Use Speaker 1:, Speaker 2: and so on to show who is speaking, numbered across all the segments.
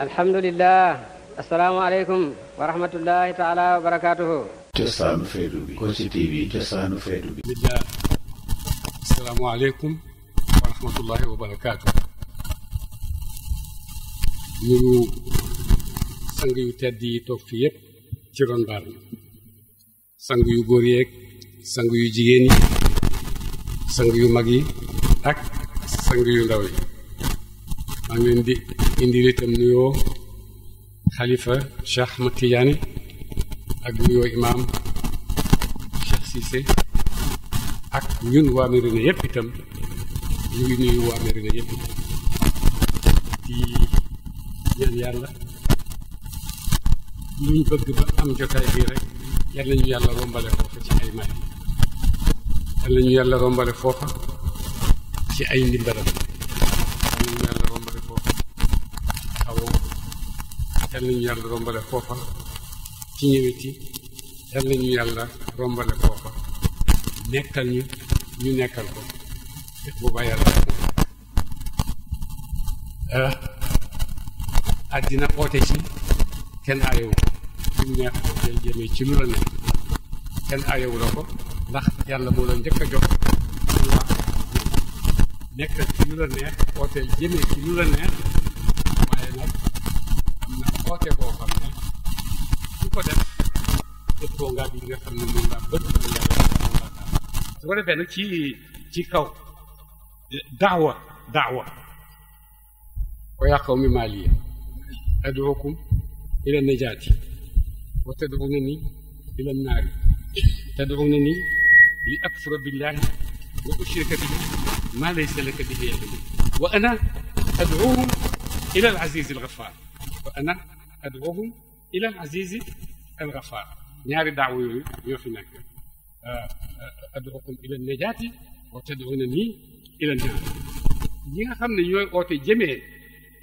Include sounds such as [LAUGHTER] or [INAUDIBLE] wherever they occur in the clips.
Speaker 1: alhamdulilah asalaamaaleykum wa rahmatullahi taala wa barakaatuhu sang yu tedd yi toog fi yépp ci ron mbaar sang yu góor yeeg sang yu jigéen yi sang yu mag yi ak sang yu ndaw yi indil itam nuyoo xalifa Cheikh Ahmad ak nuyoo imaam Cheikh Cissé ak ñun waa yépp itam ñu ngi nuyu waa Mérina yépp di ñaan yàlla luñ bëgg ba am jotaay bii rek yal nañu yàlla rombale foofa ci ay may yal nañu yàlla rombale foofa ci ay ndimbalam yal nañu yàlla rombale foofa ci ñëweti yal nañu yàlla rombale foofa nekkal ñu ñu nekkal ko booba yàlla ah àddina oote ci kenn aayowu ko mu neex del jëmee ci lu la ne kenn aayowu la ko ndax yàlla moo la njëkk jox nekkal ci lu la neex ooteel jëmee ci lu la neex ko def def ko ngaa bi nga xam ne moom laa bëgg na yàlla subhanahu wa taala su ko defee nag ci ci kaw daawa daawa wa yaa qawmi maa liya ad'ukum ila najaati wa tad'unani ila naari tad'unani li akfura billahi wa ushrika bihi ma laysa laka bihi ilm wa ana ad'uhum ila al-aziz al-ghaffar wa ana ad'uhum الى العزيز الغفار نار دعوة يوفنك ادعوكم الى النجاة وتدعونني الى النار ليغا خامن يوي اوتي جيمي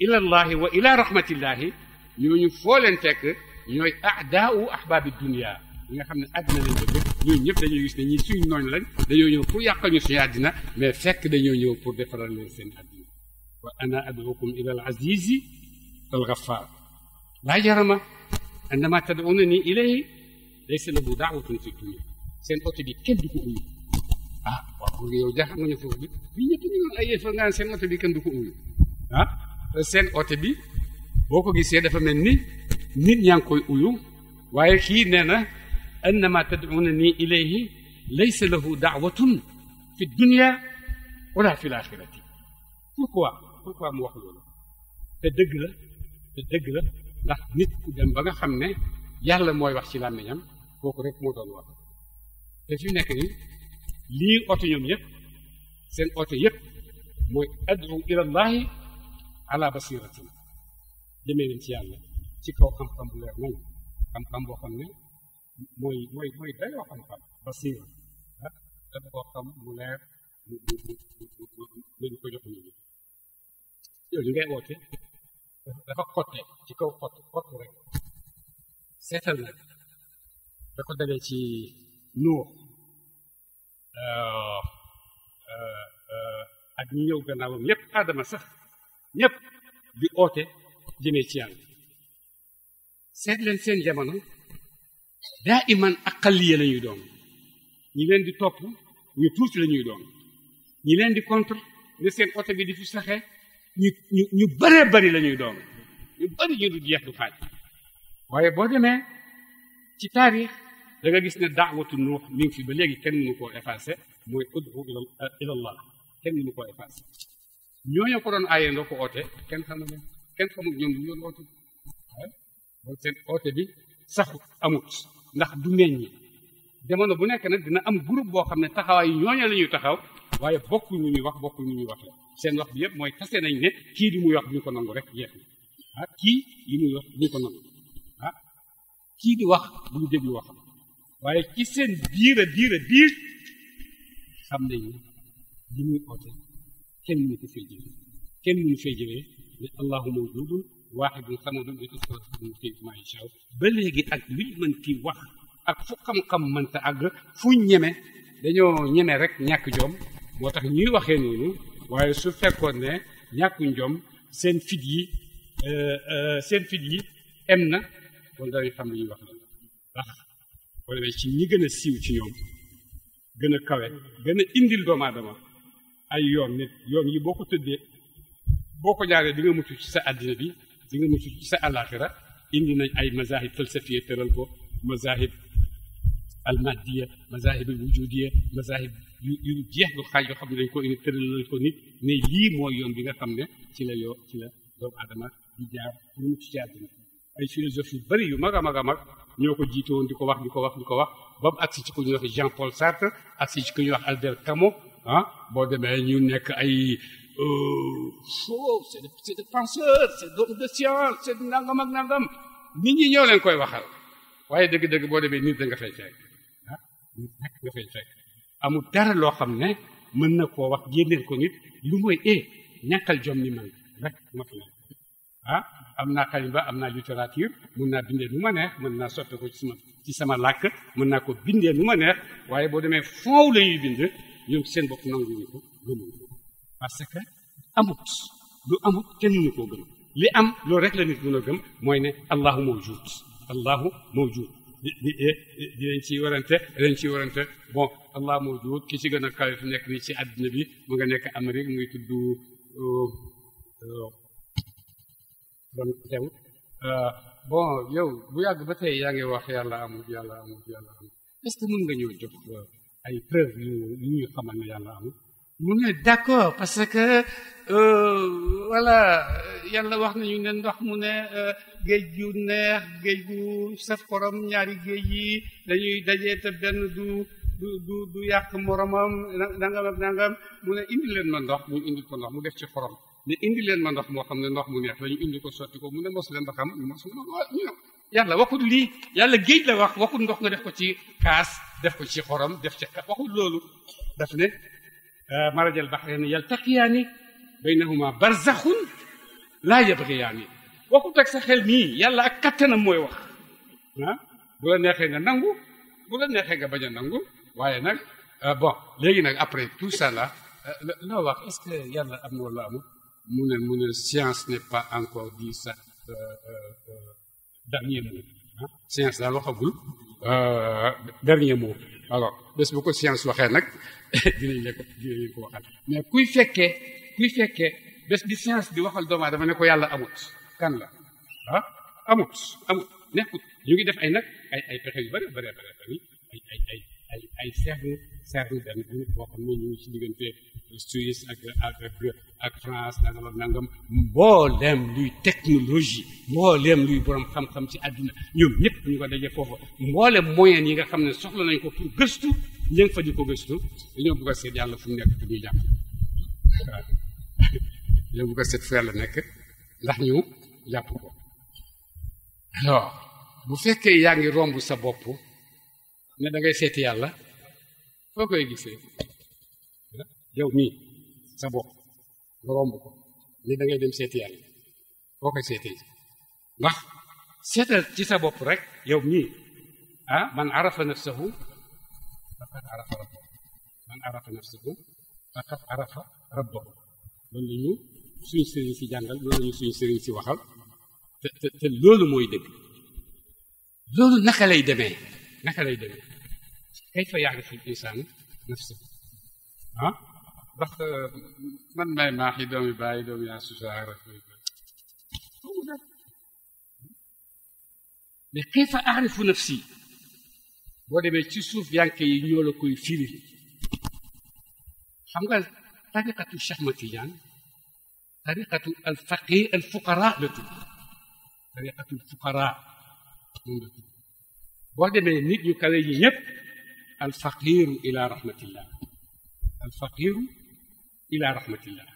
Speaker 1: الى الله والى رحمه الله يوني فولن تك يوي اعداء احباب الدنيا ليغا خامن ادنا لا نيب ني نيب دا نيو ني سوي نون لا دا نيو نيو فور ياكني سوي ادنا مي فك دا نيو نيو فور ديفرال وانا ادعوكم الى العزيز الغفار لا جرمه عندما تدعونني إليه ليس له دعوة في الدنيا سين أوتي بي كن دوكو أوي آه وقول يو جاها من يفوق بي بي نتني من أي فنان سين أوتي بي كن دوكو أوي آه سين أوتي بي بوكو جي سيدة فمني نين يانكوي أوي وهي نانا عندما تدعونني إليه ليس له دعوة في الدنيا ولا في الآخرة Pourquoi Pourquoi moi Te degla, ndax nit ku dem ba nga xam ne yàlla mooy wax ci làmmiñam kooku rek moo doon wax te fi nekk ni lii oto ñoom yëpp seen oto yëpp mooy addu ilallahi ala basiratin demee leen ci yàlla ci kaw xam-xam bu leer nañ xam-xam boo xam ne mooy mooy mooy dayoo xam-xam basira ah dafa koo xam mu leer mu mu mu mu mu ko jox nit ñi yooyu ngay woote dafa xotte ci kaw xott xottu rek seetal nag da ko dalee ci nuux euh, euh, ak ñu ñëw gannaawam ñëpp aadama sax ñëpp di oote jëmee ci yàlla seet leen seen jamono daa iman aqaliya la ñuy doon ñi leen di topp ñu tuuti la ñuy doon leen di contre ne seen oto bi di fi saxee ñu ñu ñu bëree bëri la ñuy doon ñu bëri ñu du jeex du xaaj waaye boo demee ci taarix danga gis ne daawatu nuux mi fi ba léegi kenn mënu koo effacé mooy udhu ila allah kenn mënu koo effacé ñooñu ko doon aayee ndoo ko oote kenn xamul ne kenn xamul ñoom ñu doon oote bi saxu amut ndax du meññi jamono bu nekk nag dina am groupe boo xam ne taxawaay ñooñu la ñuy taxaw waaye bokkul ñu ñuy wax bokkul ñu ñuy wax seen wax bi yëpp mooy tase nañ ne kii di muy wax duñ ko nangu rek jeex na ah kii li muy wax duñ ko nangu ah, kii di wax buñ déglu wax waaye ci seen biir a biir a biir xam nañ ne li muy oote kenn mënu ko fay jëlee kenn mënu fay jëlee ne allahu mawjudun waaxidun samadun bi asmaatihi kayf maa yashaa ba léegi ak lu mën ti wax ak fu xam-xam mënta àgg fu ñeme dañoo ñeme rek ñàkk jom moo tax ñuy waxee noonu waaye su fekkoon ne ñàkkuñ jom seen fit yi euh, euh, seen fit yi em na kon danañ xam li ñuy wax la ndax boo demee ci ñi gën a siiw ci ñoom gën a kawe gën a indil doomu ay yoon nit yoon yi boo ko tëddee boo ko jaaree di nga mucc ci sa àddina bi di nga mucc ci sa àllaaxira indi nañ ay mazahib falsafiya tëral ko mazahib almadiya mazahib alwujudiya mazahib yu you jeex gu xaaj yoo xam ne dañ ko tëralal ko nit ne lii mooy yoon bi nga xam ne ci la ci la jaar ci a Jean Paul Sartre agsi ci Albert Camus ah boo demee ñu nekk euh, c'est c'est des penseurs c'est d'autres de c'est nangam ak nangam nit ñi ñoo leen koy waxal waaye dëgg-dëgg nit da nga fay ah, amul dara loo xam ne mën na koo wax génneel ko nit lu mooy e ñàkkal jom ni man rek ma fi nekk ah, am naa xalimba am naa naa bindee nu ma mën naa sotte ko ci sama ci sama làkk mën naa ko bindee nu ma waaye boo demee foow la bind ñoom seen bopp nanguñu ko gëmuñu ko parce amut lu amut kenn mënu koo gëm li am loolu rek la nit mën a gëm mooy ne allahu mawjud allahu mawjud di di dinañ ciy warante dinañ ciy warante bon allah ci gën a kawe fi nekk bi mu nga nekk Amérique muy tudd euh, euh, euh, bon bu yàgg ba tey yaa wax yàlla amul yàlla amul yàlla amul est ñëw jox ay preuve mu ne d'accord parce que euh, voilà yàlla wax nañu ne ndox mu ne euh, géej gu neex géej gu saf xorom ñaari géej yi dañuy dajee te benn du du du yàq moromam nangam ak nangam mu ne indi leen ma ndox mu indi ko ndox mu def ci xorom ne indi leen ma ndox moo xam ne ndox mu neex la indi ko sotti ko mu ne mos leen ba xam mos ñu ne yàlla waxut lii yàlla géej la wax waxut ndox nga def ko ci kaas def ko ci xorom def ci waxut loolu daf ne مرج البحرين يلتقيان baynahuma barzaxun laa yabgiyaani boo ko teg sa xel nii yàlla ak kattanam mooy wax ah bu la neexee nga nangu bu la neexee nga bañ a nangu waaye nag bon léegi nag après tout ça là loo wax est-ce que yàlla am na wala amul mu ne mu ne science n'est pas encore dit sax euh، euh، euh، dernier mot science daal Euh, dernier mot alors bés bu ko science waxee nag [LAUGHS] dinañ la ko dinañ ko waxal mais kuy fekkee kuy fekkee bés bi science di waxal doomu dafa ne ko yàlla amut kan la ah, amut amut nekkut ñu ngi def ay nag ay ay pexe yu bëri bëri bëri ay ay ay ay ay cercle cercle benn groupe boo xam ne ñu ci diggante Suisse ak ak ak France nangam ak nangam mbooleem luy technologie mbooleem luy borom xam-xam ci àdduna ñoom ñëpp ñu ko daje foofu mbooleem moyen yi nga xam ne soxla nañ ko pour gëstu ko gëstu dañoo bëgg a seet fu nekk ñuy jàpp [LAUGHS] dañoo bëgg a fu yàlla nekk ndax ñu jàpp ko alors bu fekkee yaa ngi sa bopp. ne da ngay seeti yàlla foo koy gisee yow mii sa bopp nga romb ko ne dangay dem seeti yàlla foo koy seetee ndax seetal ci sa bopp rek yow mii ah man arafa nafsahu faqad arafa rabbahu man arafa nafsahu faqad arafa loolu ñu suñ sëriñ si jàngal loolu ñu suñ sëriñ si waxal te te te loolu mooy dëgg loolu naka lay demee naka lay demee kayfa yaarifu l insaanu nafsa ah ndax man may maax yi doomi bàyyi doomi yaa susaar ak yooyu boobu dara mais kayfa aarifu nafsi boo demee ci suuf yanke yi ñoo la koy firi xam nga tariqatu Cheikh Matiyaan tariqatu al faqih al fuqara la tudd tariqatu al fuqara moom la tudd boo demee nit yu kawe yi ñépp alfaqiru ila rahmatillah alfaqiru ila rahmatillah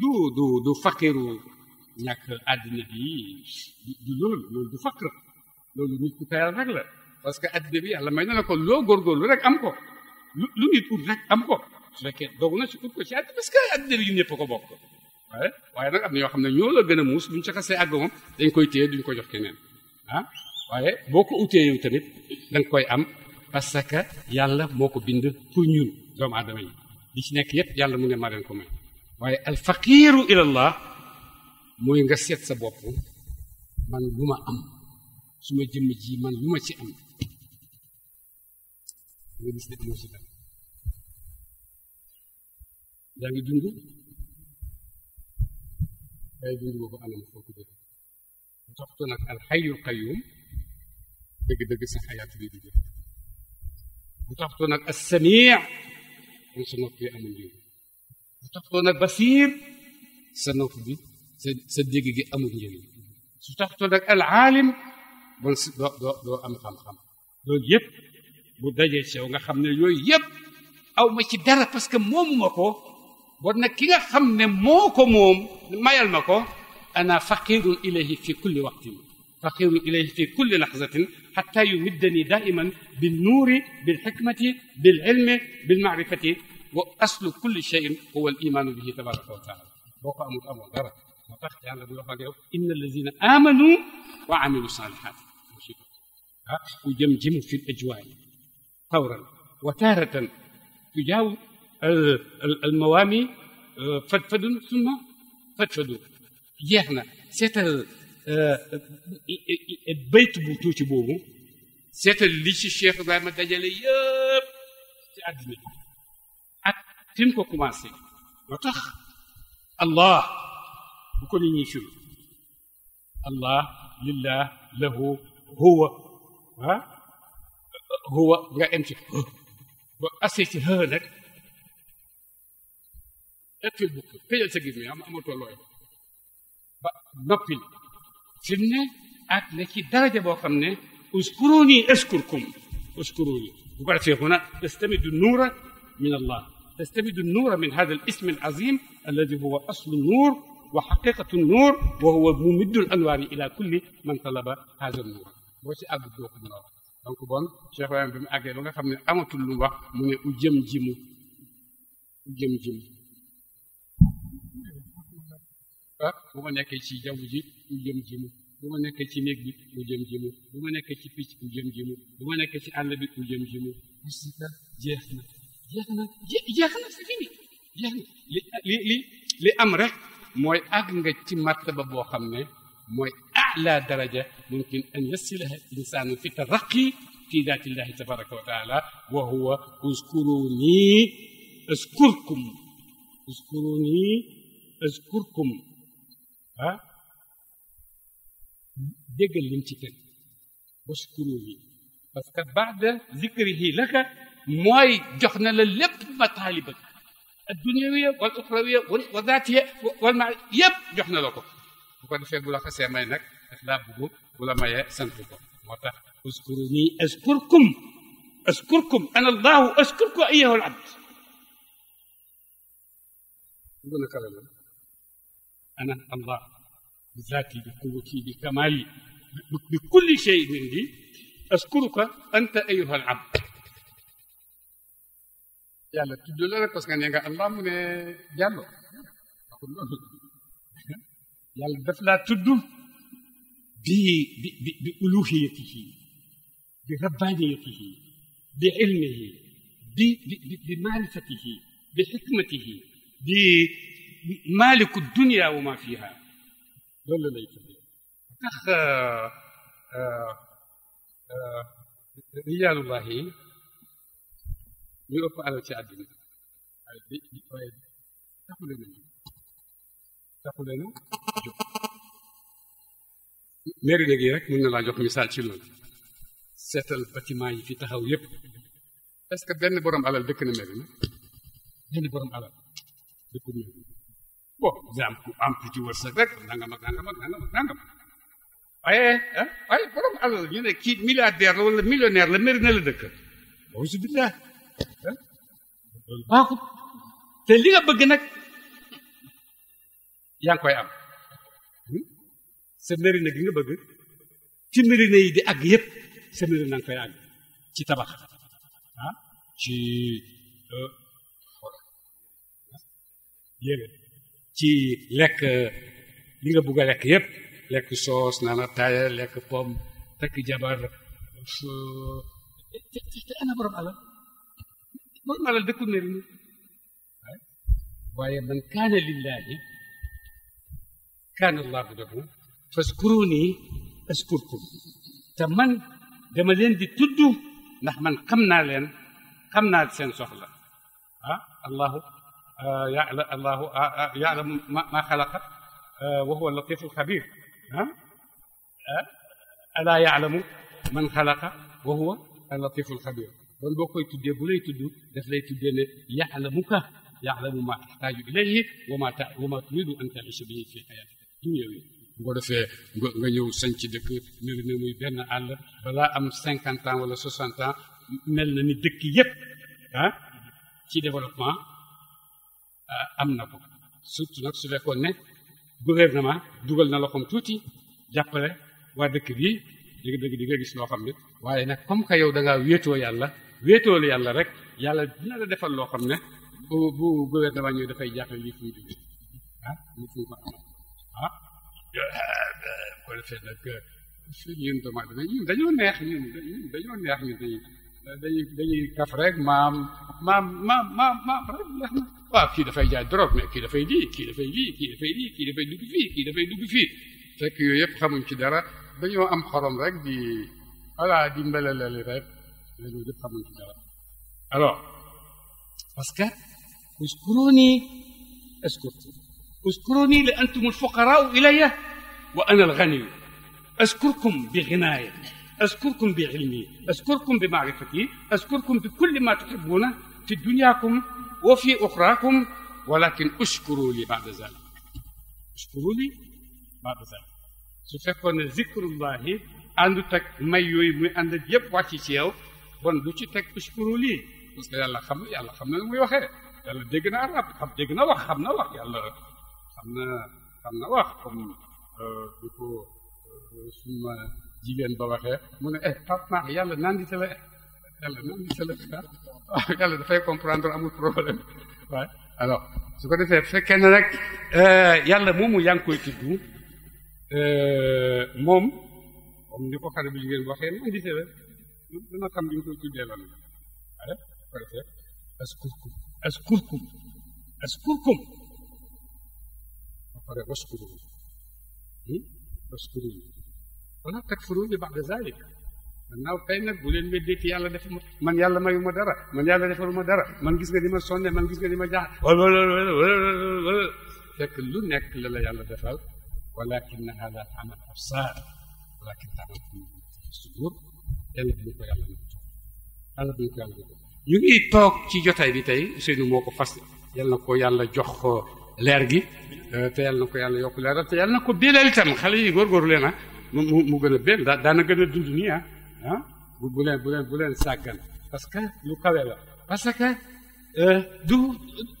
Speaker 1: du du du faqiru ñàkk àddina bi du loolu loolu du faqr loolu nit ku tayal rek la parce que àddina bi yàlla may na la ko loo góorgóorlu rek am ko lu lu nit ut rek am ko su fekkee doog na si ut ko ci àddina parce que àddina bi ñëpp ko bokk waaye waaye nag am na yoo xam ne ñoo la gën a muus buñ ca xasee àgg moom dañ koy téye duñ ko jox keneen ah waaye boo ko utee yow tamit da koy am parce yàlla moo ko bind pour ñun doomu aadama yi li ci nekk yépp yàlla mu ne maa leen ko may waaye alfaqiru ilallah mooy nga seet sa bopp man lu ma am su ma jëmm ji man lu ma ci am nga gis ne amoo ci dara yaa ngi dund alxayul qayyum دق دق في حياتي دق وتعطونك السميع وسنقضي امن لي وتعطونك بصير سنقضي صدقك امن لي وتعطونك العالم دو دو دو ام خم خم لول ييب بو داجي سيو nga xamne yoy yeb aw ma ci dara parce que mom mako bon nak ki nga xamne moko mom mayal mako ana faqirun ilayhi fi kulli waqtin فقير إليه في كل لحظة حتى يمدني دائما بالنور بالحكمة بالعلم بالمعرفة وأصل كل شيء هو الإيمان به تبارك وتعالى بقى أمود أمود دارك إن الذين آمنوا وعملوا الصالحات يجمجم في الأجواء فورا وتارة تجاوب الموامي آه، فدفد ثم فدفدوا يهنا na بيت بو بوبو سيت لي سي شيخ بايما داجالي ييب سي ادني ات كو كومانسي وتخ الله بكل ني شو الله لله له هو ها هو غا امشي با اسي سي هه نك اتي بوك بيجا تيغي مي ام با نوبيل جبنا ات نكي درجة بوخمنا اذكروني اشكركم اشكروني وبعد شيخ هنا تستمد النور من الله تستمد النور من هذا الاسم العظيم الذي هو اصل النور وحقيقة النور وهو ممد الانوار الى كل من طلب هذا النور ah bu ma nekkee ci jaww ji mu jëm ji mu bu ma nekkee ci néeg bi mu jëm ji mu bu ma nekkee ci picc mu jëm ji mu bu ma nekkee ci àll bi mu jëm ji mu parce que jeex na jeex na jeex na c'est fini jeex na li li li li am rek mooy àgg nga ci martaba boo xam ne mooy a'la daraja mumkin an yasilaha insaanu fi taraqi fi daatillahi tabaraka wa taala wa huwa uskuruni uskurkum uskuruni uskurkum ها دجل الامتثال واشكروا بس بعد ذكره لك موي جخنا للب مطالبك الدنيوية والأخروية والذاتية والمع يب جخنا لكم وقد في بلا خسي ما نك لا بغو ولا ما يسنتكم موتا أذكرني اذكركم اذكركم انا الله اذكركم ايها العبد يقول لك هذا أنا الله بذاتي بقوتي بكمالي بكل شيء عندي أشكرك أنت أيها العبد يا لا تدل أنا بس كان الله من جلو يا لا دفلا تدل بي بي بألوهيته بربانيته بعلمه بمعرفته بحكمته مالك الدنيا وما فيها دول لا أخ آه، آه، رجال الله يوقف على شعبنا طيب. تقول لنا تقول لنا ميري لغي رك من الله يوقف مثال شلون ستل بتماي في تهاو يب اسك بن برم على البكن ميري بن برم على البكن ميري bo, Boh, zamku ampuji warsagat, nangama, nangama, nangama, nangama. Ay, ay, param alır yine ki milyarderle, valla milyonerle, merineli de kır. Ozu billah. Bakut, telinga bagınak. Yan koyam. Sa merine gi nga bëgg ci merine yi di ag yépp sa merine nga koy ag ci tabax ci yére ci lekk li nga bugg a lekk yépp lekk soos naan ataaya lekk pomme takk jabar te ana borom alal borom alal dëkkul ne ri waaye man kaana lillahi kaana allahu lahu faskuruni askurkum te man dama leen di tudd ndax man xam naa leen xam naa seen soxla ah allahu الله يعلم ما خلق وهو اللطيف الخبير ها alaa yaalamu man xalaqa wa huwa al-latifu al-xabiir kon boo koy tuddee bu lay tudd daf lay tuddee ne yaalamuka yaalamu maa taxtaaju ilayhi wa maa ta wa maa turidu an taisha bihi fi xayaatika dunyawi bu ko defee nga nga ñëw sanc dëkk mel na muy benn àll balaa am cinquante ans wala soixante ans mel na ni dëkk yépp ah ci développement am na ko surtout nag su fekkoon ne gouvernement dugal na loxoom tuuti jàppale waa dëkk bii dëgg dëgg di nga gis loo xam ne waaye nag comme que yow da ngaa wéetoo yàlla wéetoolu yàlla rek yàlla dina la defal loo xam ne bu bu gouvernement ñëw dafay jàppale lii fu mu jógee ah lii fu mu ko amal ah neex ñun dañoo neex كفرق ما ما ما ما ما فرق كده فيجا دروك كده فيجي كده فيجي كده فيجي كده فيدوب فيه كده فيدوب فيه تكيو يفهم انت دارا بنيو ام خرم رك دي ولا دي مبلل اللي رك بنيو يفهم انت دارا الو باسكو اذكروني اذكركم اذكروني لانتم الفقراء الي وانا الغني اذكركم بغنايه أشكركم بعلمي أشكركم بمعرفتي أشكركم بكل ما تحبونه في دنياكم وفي أخراكم ولكن أشكروا لي بعد ذلك أشكروا لي بعد ذلك سيكون ذكر الله أن تك ما يوي مي أن يب واتي سيو بون لوشي تك أشكروا لي بس كده الله خم الله خم مي وخه الله دعنا رب خم دعنا وخ خمنا وخ الله خمنا خمنا وخ خم بكو ثم jigéen ba waxee mu ne eh Pape Mar yàlla naan di tala [LAUGHS] dafay comprendre amul problème waaye [LAUGHS] alors su ko defee fekkee ne rek euh, yàlla moomu yaa ngi koy euh, moom comme ni ko xale bu jigéen waxee naan di tala dana xam li nga koy tuddee lan waaye su ko defee askurkum askurkum askurkum ولا تكفروني بعد ذلك من ناو تاي نك بولين ميدي تي يالا ديف مان يالا مايوما دارا مان يالا ديفرو ما دارا مان غيس نغي ما سوني مان غيس نغي ما جا فك لو نك لا لا يالا ديفال ولكن هذا عمل ابصار ولكن تعمل الصدور يالا بنو كو يالا نك يالا بنو كو يالا نك يوغي توك تي جوتاي بي تاي سينو موكو فاس يالا نكو يالا جوخ لير غي تي يالا نكو يالا يوك لير تي يالا نكو بيلال تام خالي mu mu gën a benn daa daana gën a dund nii ah, ah bu bu leen bu leen bu parce que lu kawe la parce que euh, du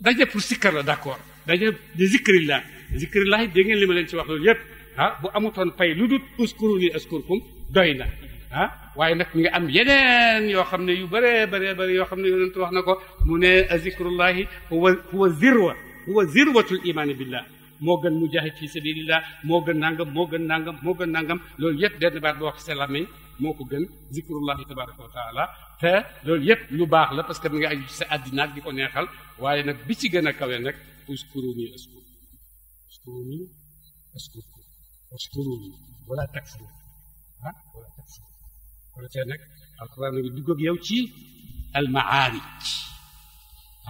Speaker 1: daje pour sikkar la d' accord daje di zikrillah zikrillah dégg ngeen li ma leen wax loolu yëpp ah bu amutoon pay lu dut uskuru li askurkum doy na ah waaye nag mi nga am yeneen yoo xam ne yu bëree bëree bëri yoo xam ne yonent wax na ko mu ne zikrullahi huwa huwa zirwa huwa zirwatul imaani billah moo gën mujahid fi sabilillah moo gën nangam moo gën nangam moo gën nangam loolu yépp benn baat boo wax sa moo gën zikrullahi tabaraka wa taala te loolu yépp lu baax la parce que mi nga ay sa àddina di ko neexal waaye nag bi ci gën a kawe nag uskuruni askur uskuruni askurku uskuruni wala takfur ah wala takfur kon te nag alquran bi dugg ak yow ci almaarij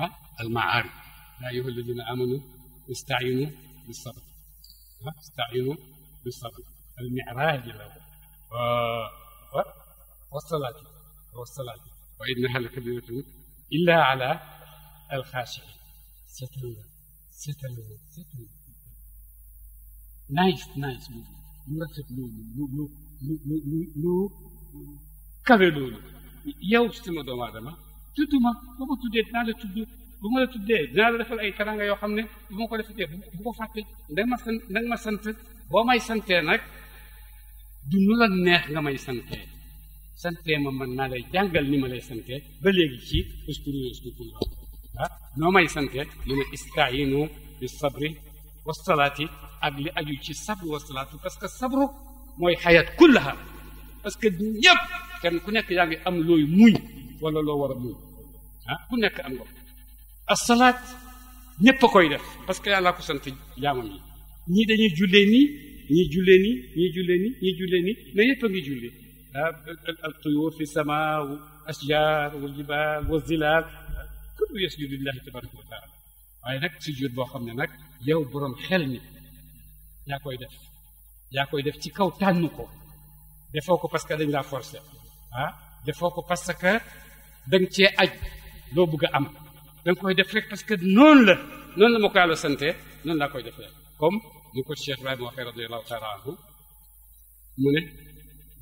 Speaker 1: ah almaarij ya amanu istaayinu بالصبر استعينوا بالصبر المعراج له و... و... والصلاة والصلاة وإنها لكبيرة إلا على الخاشعين ستلوى ستلوى ستلوى نايس نايس مرتب لولو لو لو لو لو كبير لولو يوم ستمدو مادما تدوما وما تدتنا لتدو bu ma la tuddee dinaa la defal ay teranga yoo xam ne bu ma ko defatee bu ko fàtte ndag ma sant ma sant boo may santee nag du nu la neex nga may santee santee ma man naa lay jàngal ni ma lay santee ba léegi ci uskuru uskurukum ah noo may santee mu ne istaayinu bi sabri wa salaati ak li aju ci sabri wa salaatu parce que sabru mooy xayaat kullaha parce que ñëpp ku nekk yaa ngi am looy muñ wala loo war a muñ ah, ku nekk am nga asalaat ñépp a koy def parce que yàlla ko sant yi ñii dañuy jullee nii ñii jullee nii ñii jullee nii ñii jullee nii ne yépp a ngi sama ashjar wal jibal wa zilal waaye nag sujud boo xam ne nag yow boroom xel mi yaa koy def yaa koy def ci kaw tànn ko defoo ko parce que dañ laa forcé ah, defoo ko parce que danga cee aj loo bëgg am da nga koy def rek parce que noonu la noonu la ma ko yàlla sante noonu laa koy def rek comme ni ko Cheikh Ibrahima waxee radiyallahu taala anhu mu ne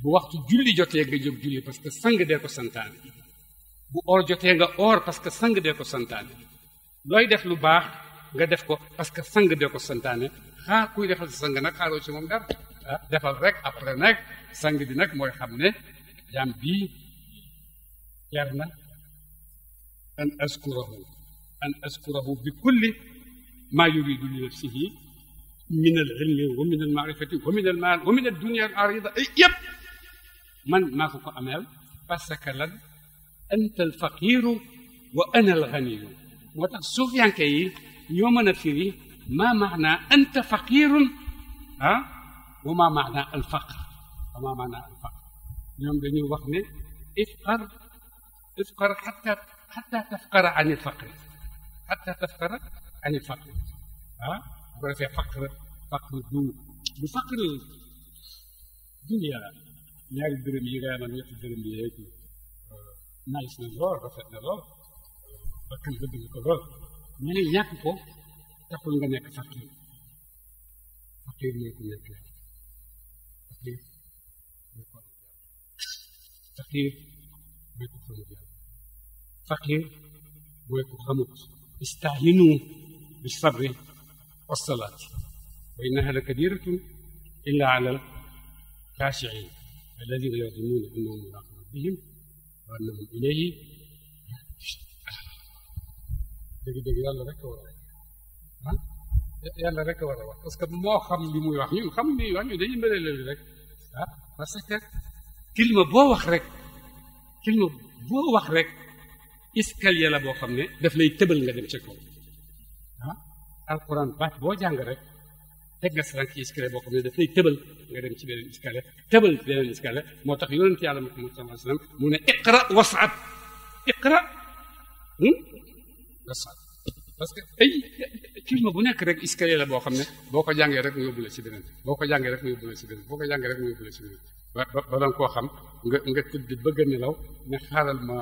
Speaker 1: bu waxtu julli jotee nga jóg julli parce que sang dee ko santaane bu or jotee nga oor parce que sang dee ko santaane looy def lu baax nga def ko parce que sang dee ko santaane xaar kuy defal sang nag xaaroo ci moom dara ah, defal rek après nag sang bi nag mooy xam ne jaam bii jar na أن أذكره أن أذكره بكل ما يريد لنفسه من العلم ومن المعرفة ومن المال ومن الدنيا العريضة إيه، يب من ما فوق أمال فسكلا أنت الفقير وأنا الغني وتصوفيان يعني كي يوم نفسي ما معنى أنت فقير ها وما معنى الفقر وما معنى الفقر يوم بني وقني افقر افقر حتى حتى تفقر عن الفقر حتى تفقر عن الفقر ها يقول فيها فقر فقر الدنيا بفقر الدنيا يعني الدرميرة آه، من آه، يقف الدرميرة نايس نظر رفت نظر بكن بدل نظر يعني يكفو تقول لنا فقير فقير ما يكون يكفو فقير ما يكون فقير ما يكون فقير فقه وخموط استعينوا بالصبر والصلاة وإنها لكبيرة إلا على الخاشعين الذين يظنون أنهم ملاقوا ربهم وأنهم إليه دقي دقي يلا ركا ورا ها يلا ركا ورا بس كم ما خم لي مو wax خم لي li ده ñu لي mbëleel rek ah parce que kilma boo wax rek kilma boo escalier la boo xam ne daf lay tëbal nga dem ca kaw ah alxuraan baat boo jàng rek teg nga saran ci escalier boo xam ne daf lay tëbal nga dem ci beneen escalier tëbal beneen escalier moo tax yonent yàlla Muhammad sallallahu mu ne iqra was'ad iqra hmm, was'ad que ay kilima bu nekk rek escalier la boo xam ne boo ko jàngee rek mu yóbbu la ci beneen boo ko jàngee rek mu yóbbu la ci beneen rek la ba ba ba nga koo xam nga nga tëdd bëgg nelaw ne xaaral ma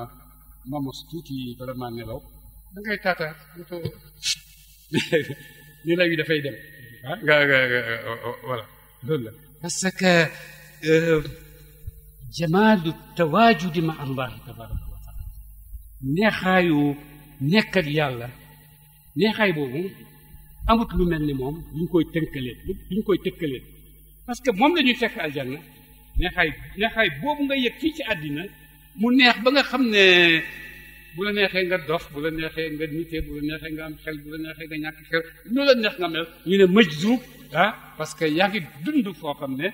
Speaker 1: ma mos tuuti vraiment nelaw da ngay nelaw [LAUGHS] yi dafay dem ah nga nga voilà loolu la parce que euh, jamaalu tawaajudi ma allahi tabaraka wa neexaayu nekkal yàlla neexaay boobu amut lu mel ni moom lu koy tënkalee lu ñu koy tëkkalee parce que moom la ñuy fekk aljanna neexaay neexaay boobu nga yëg fii ci àddina mu neex ba nga xamne bu la neexé nga dof bu la neexé nga nite bu la neexé nga am xel bu la neexé nga ñak xel ñu la neex nga mel ñu ne majzub ha parce que ya ngi dund fo xamne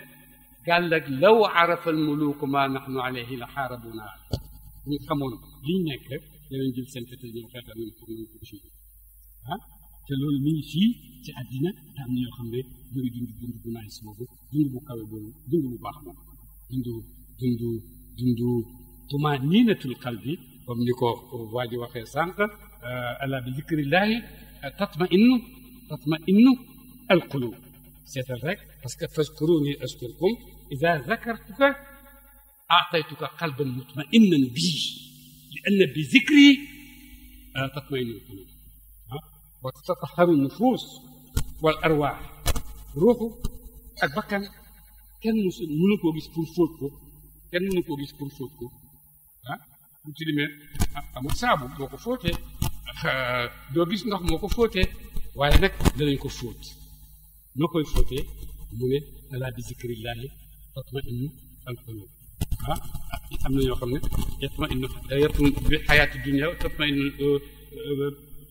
Speaker 1: gal gàll ak law arafa al muluk ma nahnu alayhi la harabuna ñu xamoon liñ nekk danañ jël seen fetal ñu xeetal ñu pour ñu ci ha te loolu mi ci ci adina tam ñu xamne yoo ñu dund dund bu naaj boobu dund bu kawe boobu dund bu baax boobu dund dund dund طمأنينة القلب ومنكو واجي وخي سانك ألا بذكر الله تطمئن تطمئن القلوب سيتل ذاك بس فاذكروني أذكركم إذا ذكرتك أعطيتك قلبا مطمئنا بي لأن بذكري تطمئن القلوب وتتطهر النفوس والأرواح روحوا أكبر كان كان ملوكو بيسكون فوتكو كان ملوكو بيسكون فوتكو bu tilimee amul saabu moo ko fóotee doo gis ndox moo ko fóotee waaye nag danañ ko fóot noo koy fóotee mu ne alaa bi zikrillahi tatma innu alqulub ah am na ñoo xam ne yatma innu yatum bi xayaati dunia tatma innu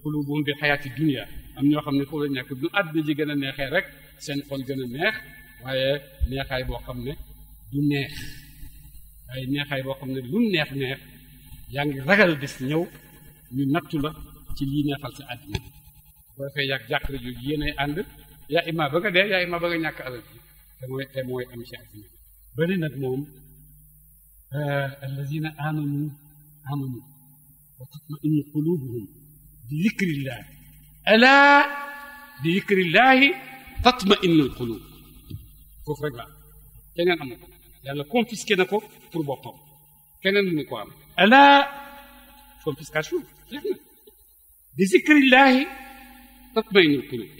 Speaker 1: qulubuhum bi xayaati dunia am ñoo xam ne foofu la nekk du àddina ji gën a neexee rek seen xol gën a neex waaye neexaay boo xam ne du neex waaye neexaay boo xam ne lu neex neex yaangi ragal bis ñëw ñu nattu la ci li neexal ci àddina bo fay yak jàkkare ju yene ànd ya imaa ba nga dee yaa imaa ba nga ñàkk alal ci te moy te moy am ci àddina bari nag moom alladina amanu amanu wa tatmainu qulubuhum bi zikrillah ala bi zikrillahi tatmainu alqulub foofu rek la kenen amu yàlla confisquer nako pour bopam kenen ni ko am الا كونفيسكاسيون دي الله تطبين القلوب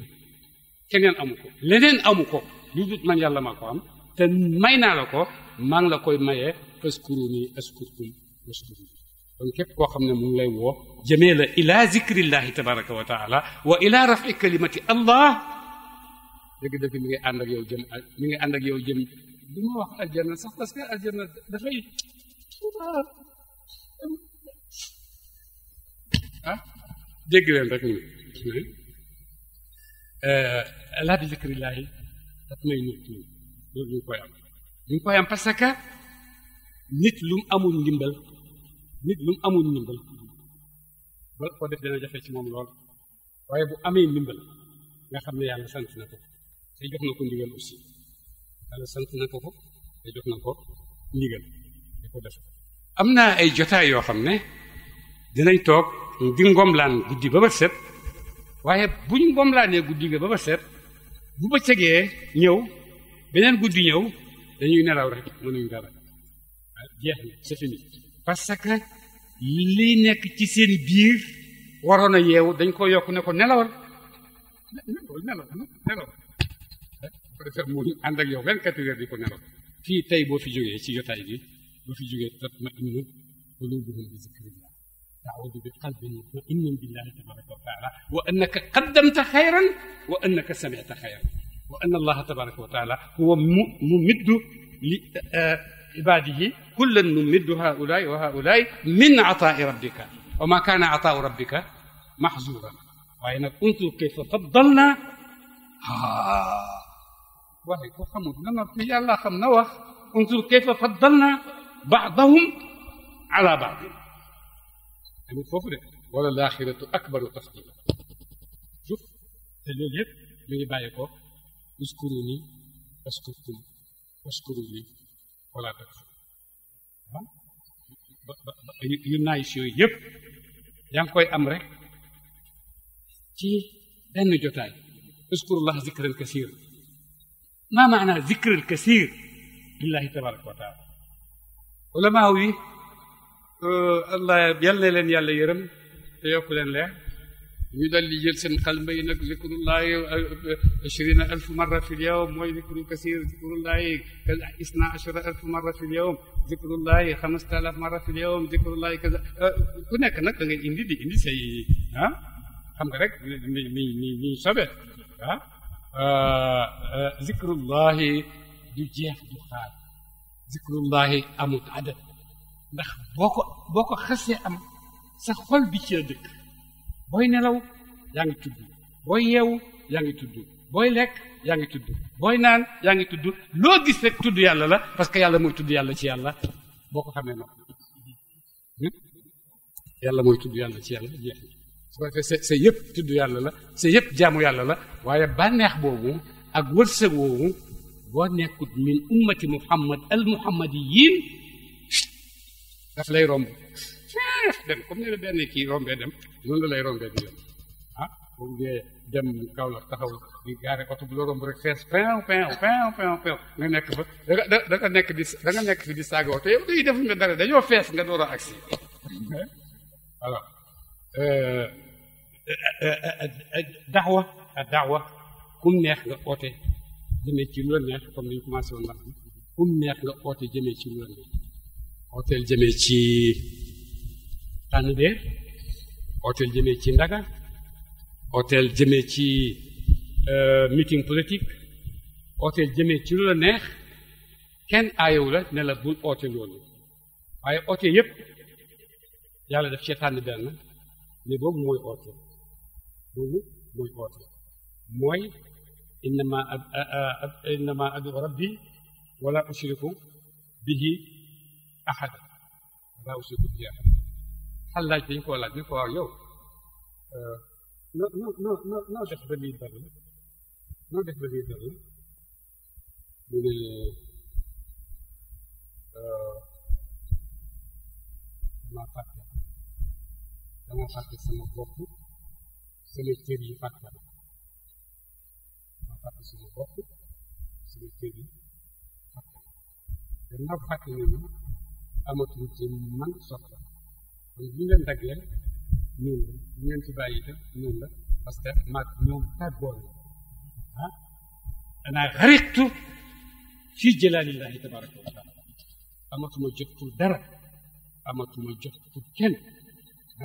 Speaker 1: كان يامكو لنين امكو لودوت من يالله ماكو ام تن ماينا لاكو مان لاكوي ماي اسكروني اسكركم اسكركم كون كيب كو خامن مون لاي وو جميل الى ذكر الله تبارك وتعالى والى رفع كلمه الله دغ دغ ميغي اندك يو جيم ميغي اندك يو جيم دوما واخ الجنه صح باسكو الجنه دا فاي ah dégg leen rek mu euh, ne bi zikrillaahi daf may nit ñi loolu ñu ngi koy am ñu ngi koy am parce que nit lu mu amul ndimbal nit lu mu amul ndimbal ba ko def dana jafe ci moom lool waaye bu amee ndimbal nga xam ne yàlla sant na ko te jox na ko ndigal aussi yàlla sant na ko ko te jox na ko ndigal di ko def am naa ay jotaay yoo xam ne dinañ toog di ngomlaan guddi ba ba set waaye buñ ngomlaanee guddi ga ba ba set bu bëccëgee ñëw beneen guddi ñëw dañuy nelaw rek mënuñu dara ah, jeex na c'est fini parce que li nekk ci seen biir waroon a yeewu dañ ko yokk ne ko nelaw nelawal nelawal nelawal eh, ko defee mu ànd ak yow 24 heures di ko nelaw fii tey boo fi jógee ci jotaay bi boo fi jógee tat ma am na wala bu تعود بقلب مطمئن بالله تبارك وتعالى وانك قدمت خيرا وانك سمعت خيرا وان الله تبارك وتعالى هو ممد لعباده آه، كلا نمد هؤلاء وهؤلاء من عطاء ربك وما كان عطاء ربك محظورا وإن كنت كيف فضلنا ها آه. وهيك xamul لما في الله xam na انظر كيف فضلنا بعضهم على بعض من كفره وللآخرة أكبر تفضيلا شوف تلول هيك ميري بايكو اذكروني أشكركم واشكروا ولا تكفر يناي شيو يب يانكوي يعني أمره تي بن جوتاي اذكر الله ذكر الكثير ما معنى ذكر الكثير لله تبارك وتعالى علماء الله يلنا لن يلا يرم يأكل لا يدل جلسن قلما ينك ذكر الله عشرين ألف مرة في اليوم ما يذكر كثير ذكر الله إثنى عشر ألف مرة في اليوم ذكر الله خمسة ألف مرة في اليوم ذكر الله كذا كنا كنا كنا إندي دي إندي سي ها هم غيرك مي مي مي مي شبه ها ذكر الله دجيح دخال ذكر الله أمود عدد ndax boo ko boo ko xasee am sa xol bi ci dëkk booy nelaw yaa ngi tudd booy yeewu yaa ngi tudd booy lekk yaa ngi tudd booy naan yaa ngi tudd loo gis rek tudd yàlla la parce que yàlla mooy tudd yàlla ci yàlla boo ko xamee noonu yàlla mooy tudd yàlla ci yàlla jeex su ko defee sa yëpp tudd yàlla la sa yëpp jaamu yàlla la waaye bànneex boobu ak wërsëg woowu boo nekkut min ummati muhammad al muhammadiyin daf lay romb dem comme ni la benn kii rombee dem noonu la lay rombee di dem ah boobu dee dem taxaw di gaare oto bu la romb rek fees pew pew pew pew pew nga nekk fa da da nga nekk di da nekk fi di saaga oto yow day def nga dara dañoo fees nga door a agsi voilà [LAUGHS] euh, euh, euh, daawa a neex nga oote ci lu la neex comme commencé woon wax kum neex nga oote jëmee ci lu la neex hôtel jëmee ci Tànndeer hôtel jëmee ci ndaka hôtel jëme ci euh, meeting politique hôtel jëmee ci lu la neex kenn aayowu la ne la bul oote loolu waaye oote yépp yàlla def ci tànn benn ne boobu mooy oote boobu mooy oote mooy innama innama adu rabbi wala ushriku bihi أحدا لا أوصيك به أحدا هل لا يجيك ولا يجيك آه، يو نوضح بلي درنا نوضح بلي درنا من ما فاتح لما فاتح سنة بوكو سنة تيري فاتح ما فاتح سنة بوكو سنة تيري فاتح لما فاتح amatuñ ci man soxla kon bu ñu leen daggee ñun la bu ngeen ci bàyyi itam ñun la parce que maag ñoom tàggoo na ah danaa xariqtu fii jëlaalillahi tabaraka wa taala amatuma jot pour dara amatuma jot pour kenn ah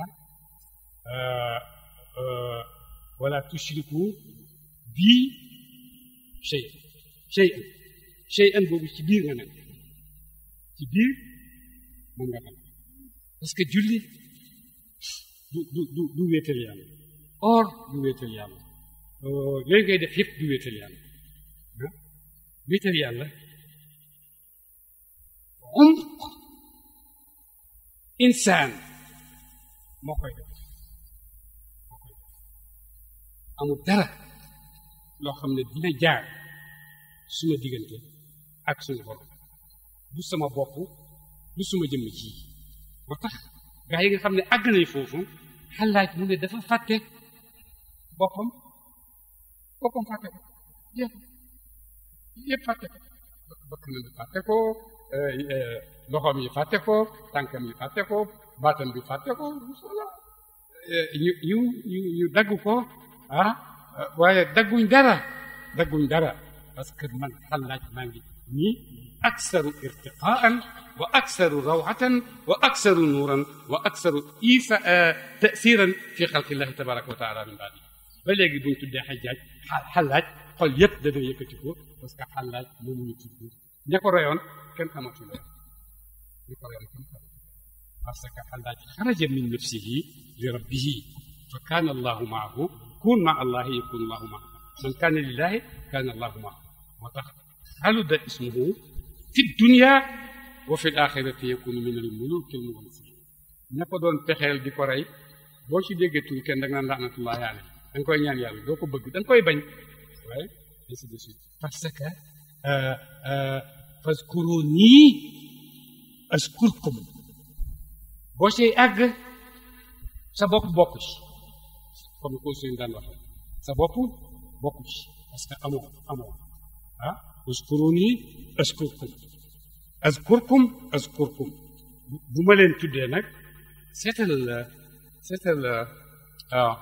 Speaker 1: euh, euh, wala tushriku bii shay shay an shay an boobu ci biir nga nekk ci biir moom nga xam parce que julli du du du wéetal yàlla or du wéetal yàlla euh, yooyu ngay def yëpp du wéetal yàlla wéetal yàlla moo koy def moo dara loo xam ne dina jaar suma diggante ak suñu borom du sama bopp du suma jëmm ji ba tax gaa yi nga xam ne àgg nañ foofu xalaaj mu ne dafa fàtte boppam boppam fàtte ko yëpp yëpp fàtte ko bëkk na fàtte ko eh, eh, yi fàtte ko tànkam yi fàtte ko baatam bi fàtte ko eh, ñu ñu ñu dagg ko ah dagguñ dara dagguñ dara parce que man xalaaj maa ngi أكثر ارتقاء وأكثر روعة وأكثر نورا وأكثر إيفاء تأثيرا في خلق الله تبارك وتعالى من بعده بل يجب أن تدعي حجاج حلاج قل يبدأ يكتبه بس كحلاج مو يكتبه نقول ريون كم كمات الله نقول ريون كم كمات بس كحلاج خرج من نفسه لربه فكان الله معه كون مع الله يكون الله معه من كان لله كان الله معه وتخطر aluda ismuhu fi dunya wa fi axirati yakunu min al muluki al muwallisin ña ko doon pexeel di ko rey boo ci déggee tur kenn da nga naan laanatullahi alayhi da nga koy ñaan yàlla doo ko bëgg da nga koy bañ waaye ainsi de suite parce que fazkuruni askurkum boo see àgg sa bopp bokk ci comme ko suñu daan waxee sa bopp bokk ci parce que amoo amoo ah اذكروني اذكركم اذكركم اذكركم بما لين تدينك سيت ال سيت ال اه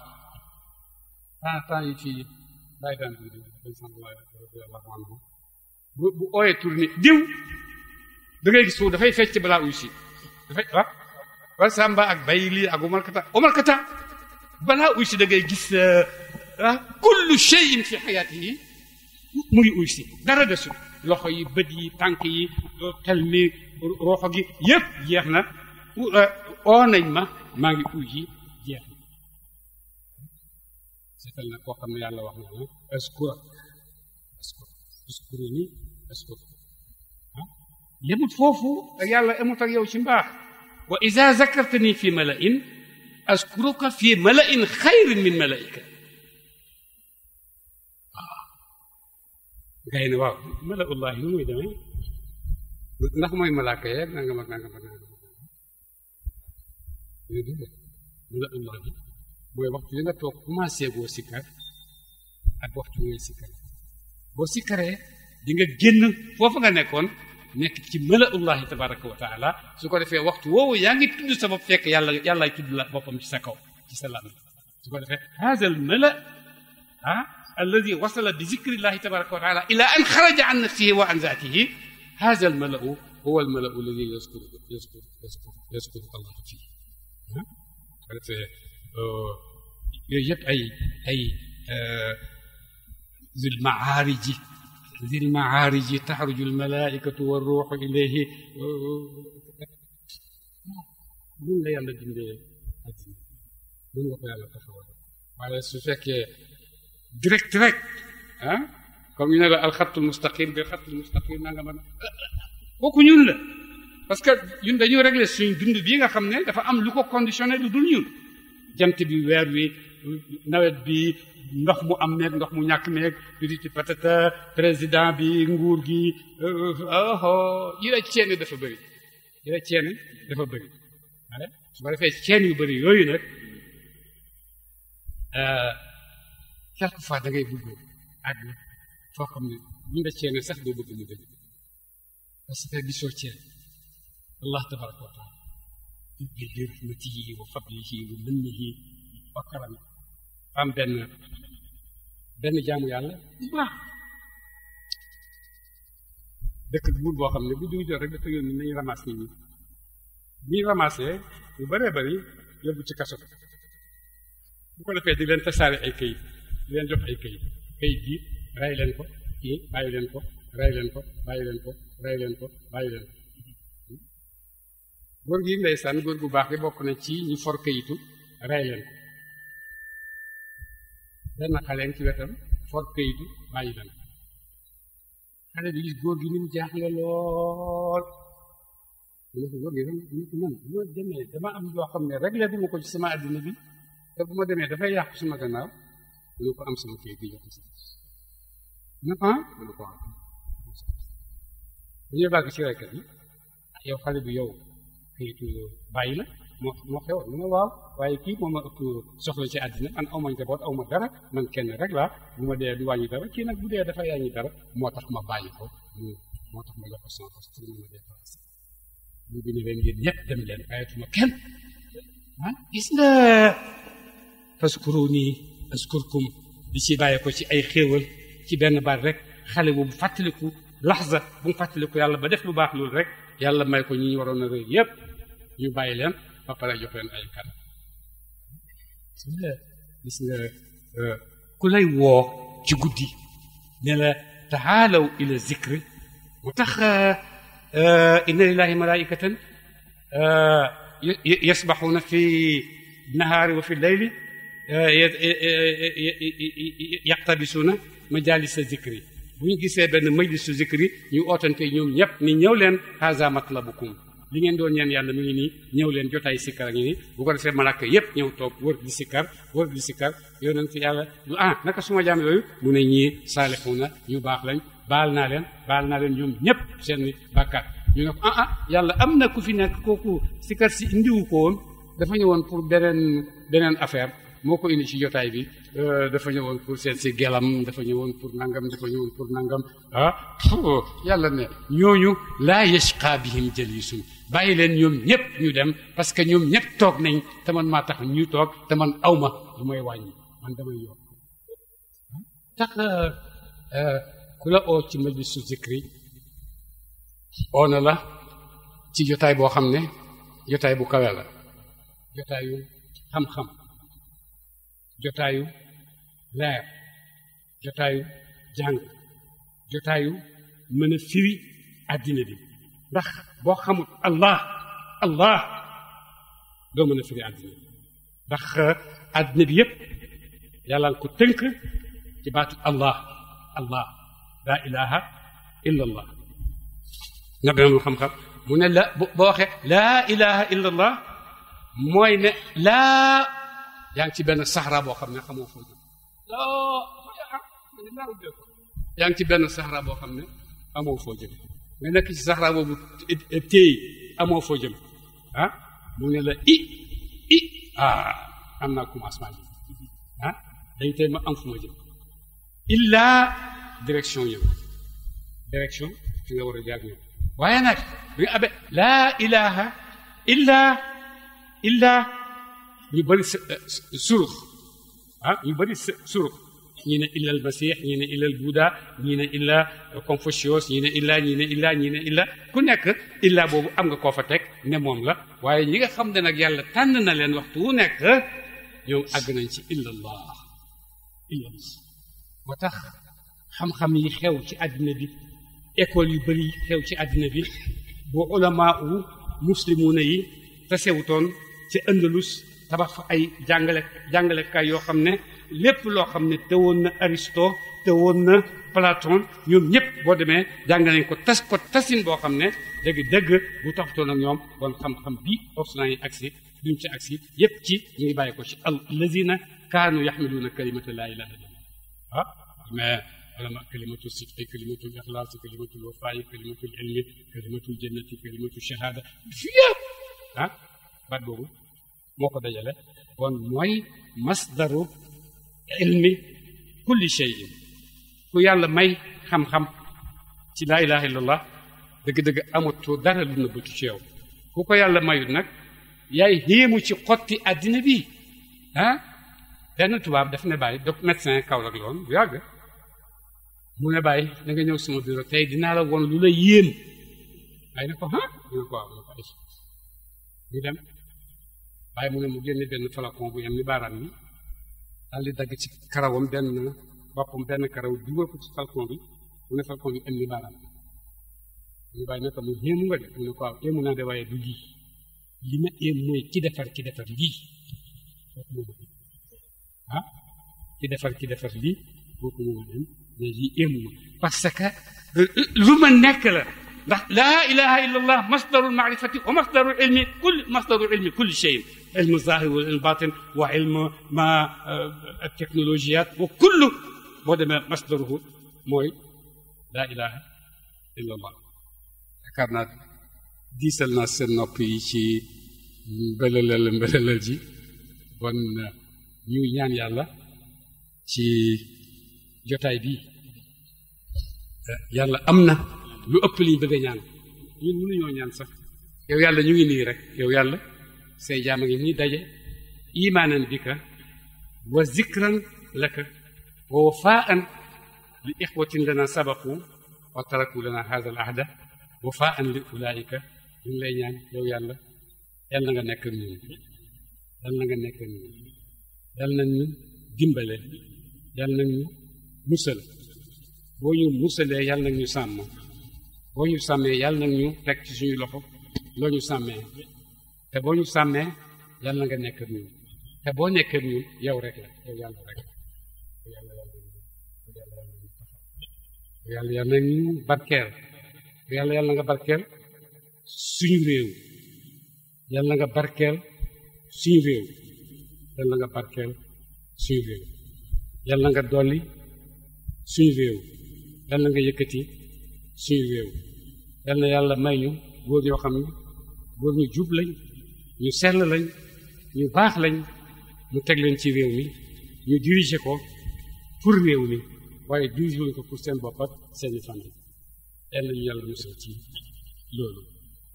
Speaker 1: تا تا يجي بايدان بيدي بنسان الله رضي الله عنه بو اوي تورني ديو داغي غيس دو فاي فيتي بلا اوشي دو فاي وا وا سامبا اك بايلي اك عمر كتا عمر كتا بلا اوشي داغي غيس كل شيء في حياته muy ngi uy si dara desul loxo yi bët yi tànk yi xel mi roxo gi yépp jeex na oo nañ ma maa ngi uy yi jeex na seetal na koo xam ne yàlla wax na ne askura askura askuru ni askura yemut lemut foofu yàlla emut ak yow ci mbaax wa iza zakartani fi malain askuruka fi malain xayrin min malaika gaa yi ne waaw malaullahi nu muy demee ndax mooy malaaka yeeg nangam ak nangam ak nangam ñu di malaullahi mooy waxtu yi nga toog commencé boo sikkar ak waxtu yi ngay sikkar boo sikkaree di nga génn foofu nga nekkoon nekk ci malaullahi tabaraka wa taala su ko defee waxtu woowu yaa ngi tudd sa bopp fekk yàlla yàllaay tudd la boppam ci sa kaw ci sa lan su ko defee haazal mala ah الذي وصل بذكر الله تبارك وتعالى الى ان خرج عن نفسه وعن ذاته هذا الملا هو الملا الذي يذكر يذكر يذكر يذكر الله فيه عرفت آه، يجب اي اي آه، ذي المعارج ذي المعارج تعرج الملائكه والروح اليه من لا يعلم من لا يعلم وعلى السفاك direct direct ah comme ñu ne la alxatul mustaqim bi xatul mustaqim naa nga a kooku ñun la parce que ñun dañuy régler suñ dund bii nga xam ne dafa am lu ko conditionné lu dul ñun jant bi weer wi nawet bi ndox mu am meeg ndox mu ñàkk meek di ci patata président bi nguur gi euh, oh, oh yi la ceene dafa bëri yi la ceene dafa bëri su ko defee ceen yu bëri yooyu nag euh, quelquefois da ngay bëgg àgg foo xam ne buñ la ceene sax doo bëgg mu dem parce que gisoo ceen allah tabaraka wa taala ubbi li rahmatihi wa fadlihi wa am benn benn jaamu yàlla bu baax dëkk buur boo xam ne bu duy jot rek dafa yónni nañu ramasse nit ñi ñuy ramassé lu bëree bëri ci kaso bu ko defee di leen tasaare ay këyit di leen jox ay kayit kayit yi rey leen ko kii bàyyi leen ko rey leen ko bàyyi leen ko góor gi baax bokk na ci ñi for ci wetam for kayitu bàyyi leen ko ni mu jaaxle lool mu ko am loo xam ne réglé ko ci sama àddina bi te bu ma demee dafay yàqu suma gannaaw mu ne ko am sama kayit gi jox ko sax mu ne ko ah bu bi yow bàyyi la moo moo xew mu ne waaw waaye kii moom soxla ci àddina an aw ma njaboot aw ma dara man kenn rek laa bu ma dee du wàññi kii nag bu dee dafa yàññi moo tax ma ko moo tax ma jox ko sama poste pour ma déplacé أذكركم بشي بايكو شي أي خيول شي بين بارك خالي بو فاتلكو لحظة بو فاتلكو يالله بدف بو باخ لول رك يالله ما يكون ني ورون ري يب يو باي لين بابارا جوفين أي كار بسم الله بسم الله كولاي وو جي قدي نلا تعالوا إلى ذكر وتخ آه، إن لله ملائكة آه، يسبحون في النهار وفي الليل na yaqtabisuna majalisa zikri bu ñu gisee benn majlisu zikri ñu ootante ñoom ñëpp ni ñëw leen haza matlabukum li ngeen doon ñeen yàlla mi ngi nii ñëw leen jotaay sikkar ak ngi nii bu ko defee malaaka yëpp ñëw toog wër di sikkar wër di sikkar yonent yàlla ah naka suma jaam yooyu mu ne ñii na ñu baax lañ baal naa leen baal naa leen ñoom ñëpp seen bàkkaat ñu ne ah ah yàlla am na ku fi nekk kooku sikkar si indiwu ko woon dafa ñëwoon pour beneen beneen affaire moo ko indi ci jotaay bi euh, dafa ñëwoon pour seet si gelam dafa ñëwoon pour nangam dafa ñëwoon pour nangam ah yàlla ne ñooñu laa yashqa bihim jalisun bàyyi leen ñoom ñëpp ñu dem parce que ñoom ñëpp toog nañ te man maa tax ñu toog te man awma ma du may wàññi man damay yokk tax euh, euh, ku la oo ci majlisu zikri oo na la ci jotaay boo xam ne jotaay bu kawe la jotaayu xam-xam jotayu leer jotayu jàng jotayu mën a firi àddina bi ndax boo xamut allah allah doo mën a firi àddina bi ndax àddina bi yépp yàlla ko tënk ci baatu allah allah la ilaha illa allah nga beneen xam-xam mu ne la boo waxee laa ilaha illa allah mooy ne laa yaa ngi ci benn saxra boo xam ne xamoo foo jëm yaa ngi ci benn saxra boo xam ne amoo foo jëm nga nekk ci saxra boobu téy amoo foo jëm ah mu ne la i i ah am naa commencement ji ah dañ tey ma am fu ma jëm illa direction yow direction fi nga war a jaar ñëw waaye nag bi nga abe laa ilaha illa illa yu bëri surux ah yu bëri surux ñii ne illa al masih ñii ne illa al buda ñii ne illa confucius ñii ne illa ñii ne illa ñii ne illa ku nekk illa boobu am nga koo fa teg ne moom la waaye ñi nga xam ne nag yàlla tànn na leen waxtu wu nekk ñoom àgg nañ ci illa allah illa allah moo tax xam-xam yi xew ci àddina bi école yu bëri xew ci àddina bi bu ulama u muslimuuna yi tasewutoon ci andalus tabax fa ay jàngale jàngalekaay yoo xam ne lépp loo xam ne tewoon na Aristote tewoon na Platon ñoom ñëpp boo demee jàng nañ ko tas ko tasin boo xam ne dëgg dëgg bu toppatoon ak ñoom bon xam-xam bii Occident yi agsi duñ ci agsi yépp ci ñu ngi bàyyi ko ci allazina kaanu yaxmiluuna kalimata laa ilaha illallah ah mais alama kalimatu sidqi kalimatul ixlaasi kalimatul wafaayi kalimatul ilmi kalimatul jannati kalimatul shahaada yëpp ah baat boobu moo ko dajale kon mooy masdaru ilmi kulli shay'in ku yàlla may xam-xam ci laa ilaha illallah dëgg-dëgg amatu dara lu nëbbatu ci yow ku ko yàlla mayut nag yaay héemu ci xotti àddina bi ah benn tubaab daf ne bàyyi doc médecin Kaolack la woon bu yàgg mu ne bàyyi da ñëw sama bureau tey dinaa la won lu la yéem waaye ne ko ah mu ne ko waaw mu ne ko ay ñu dem bàyyi mu ne mu génne benn flacon bu yem ni baaraam mi dal di dagg ci karawam benn boppam benn karaw dugal ko ci flacon bi mu ne flacon bi am ni baaraam mu bàyyi ne ko mu yéemu nga de mu ne ko waaw yéemu naa de waaye du lii li ma yéem mooy ki defar ki defar lii ah ki defar ki defar lii ko moo dem mais lii yéemu ma parce que lu ma nekk la ndax laa ilaha illa allah masdaru lmaarifati wa masdarul ilmi kulli masdarul ilmi kulli shay'in علم الظاهر والعلم الباطن وعلم ما آه، التكنولوجيات وكله بعدما مصدره موي لا اله الا الله ذكرنا ديسلنا سر نوبي شي بلالال بلالال جي بون نيو نيان يالا شي جوتاي بي يالا امنا لو اوب لي بيغي نيان ني مونيو نيان صاح يو يالا نيغي ني رك يو يالا say jaam a ngi nii daje imaanan bi ka wa zikran laka wa wafaan li ixwatin lana sabaqu wa taraku lana hadha al ahda wafaan li ulaika ñu ngi lay ñaan yow yàlla yal na nga nekk ñun yal na nga nekk ñun yal na ñu dimbale yal na ñu musal boo ñu musalee yal na ñu sàmm boo ñu sàmmee yal na ñu teg ci suñu loxo loo ñu sàmmee te boo ñu sàmmee yàlla nga nekk ak te boo nekk ak ñun yow rek la yow yàlla rek yàlla yàlla barkeel yàlla nga barkeel suñu réew yàlla nga barkeel suñu réew yàlla nga barkeel suñu réew yàlla nga dolli suñu réew yàlla nga yàlla may ñu góor yoo xam ne góor ñu jub lañ ñu sell lañ ñu baax lañ mu teg leen ci réew mi ñu diriger ko pour réew mi waaye diriger wuñ ko pour seen bopp ak seeni famille yal nañu yàlla musal ci loolu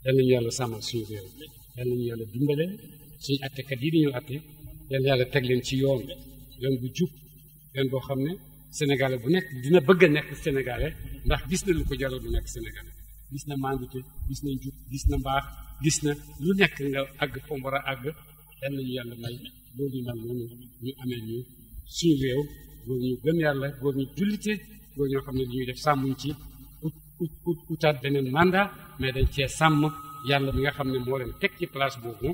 Speaker 1: yal nañu yàlla sàmmal suñu réew yal nañu yàlla dimbale suñu attekat yi dañu atte yal yàlla teg leen ci yoon yoon bu jub yoon boo xam ne sénégalais bu nekk dina bëgg a nekk sénégalais ndax gis na lu ko jaral bu nekk sénégalais gis na màndute gis na njub gis na mbaax gis na lu nekk nga àgg fa war a àgg yal nañu yàlla may góor ñu mel ñu amee ñu suñu yàlla góor ñu jullite góor ñoo xam ne ñuy def sàmmuñ ci ut ut ut utaat mais dañ cee sàmm yàlla bi nga xam ne moo leen teg ci place boobu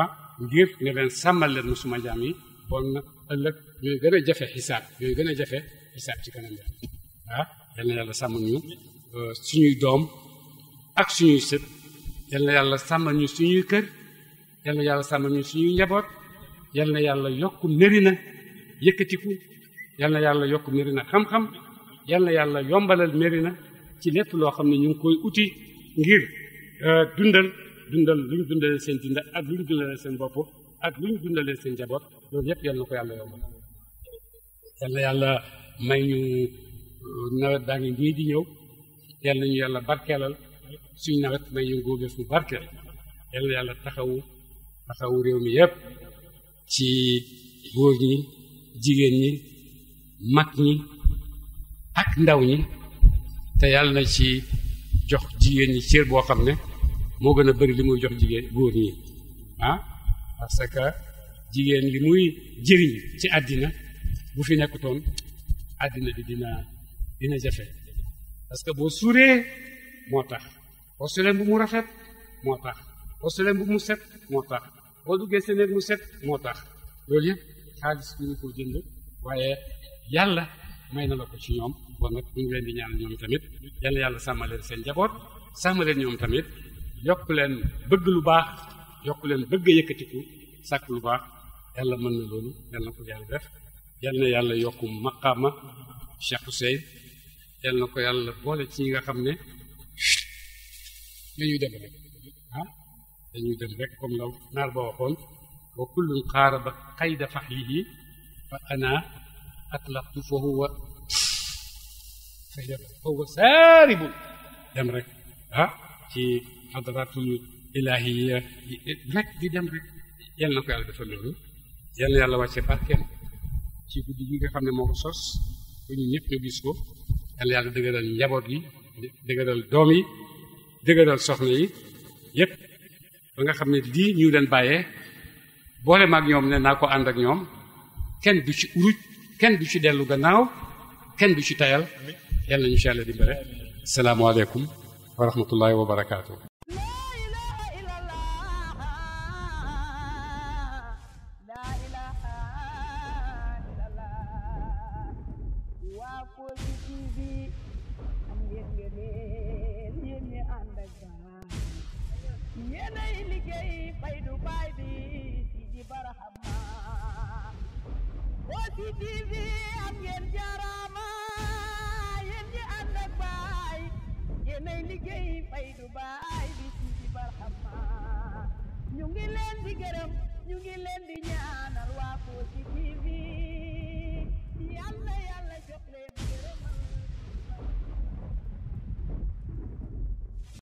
Speaker 1: ah ngir ne leen sàmmal leen suma jaam yi bon ëllëg yooyu gën a jafe xisaab yooyu gën a jafe xisaab ci kanam yàlla ah, yal na yàlla sàmm ñu euh, suñuy doom ak suñuy sët yal na yàlla sàmmal ñu suñuy kër yal na yàlla sàmmal ñu suñuy njaboot yal na yàlla yokk Médina yëkkatiku yal na yàlla yokk Médina xam-xam yal na yàlla yombalal Médina ci lépp loo xam ne ñu ngi koy uti ngir euh, dundal dundal lu ñu dundalee seen dund ak lu ñu dundalee seen bopp ak lu ñu dundalee seen njaboot loolu yépp yal na ko yàlla yombal yal na yàlla may ñu euh, nawet daa ngi nii ñëw yal na ñu yàlla barkeelal suñ nawet may ñu góobeef bu barkeel yal na yàlla taxawu taxawu réew mi yépp ci góor ñi jigéen ñi mag ñi ak ndaw ñi te yàlla na ci jox jigéen ñi cër boo xam ne moo gën a bari li muy jox jigéen góor ñi ah parce que jigéen li muy jëriñ ci àddina bu fi nekkutoon àddina bi dina dina jafe parce que boo suuree moo tax oselem bu mu rafet moo tax oselem bu mu set moo tax boo duggee sa néeg mu set moo tax loolu yëpp xaalis bi ñu ko jënd waaye yàlla may na la ko ci ñoom bon nag ñu ngi leen di ñaan ñoom tamit yàlla yàlla sàmmaleen seen njaboot sàmmaleen ñoom tamit yokk leen bëgg lu baax yokk leen bëgg a yëkkatiku sàkk lu baax yàlla mën na loolu yàlla na ko yàlla def yàlla na yàlla yokku maqaama Cheikh Ousseyn yàlla na ko yàlla boole ci nga xam ne dañuy dem rek ah dañuy dem rek comme la naar ba waxoon wa kullun xaaraba xayda faxlihi fa ana atlaqtu fa huwa saaribu dem rek ah ci xadaratul ilaahiya rek di dem rek yal na ko yàlla defal loolu yal na yàlla wàcce barkeem ci guddi gi nga xam ne moo ko sos bu ñu ñëpp ko yal yàlla dëgëral njaboot gi dëgëral doom yi dëgëral soxna yi yépp ba nga xam ne lii ñu leen bàyyee boole maag ñoom ne naa ko ànd ak ñoom kenn du ci uruj kenn du ci dellu gannaaw kenn du ci tayal yàlla ñu ci yàlla dimbale salaamu aleykum wa rahmatullahi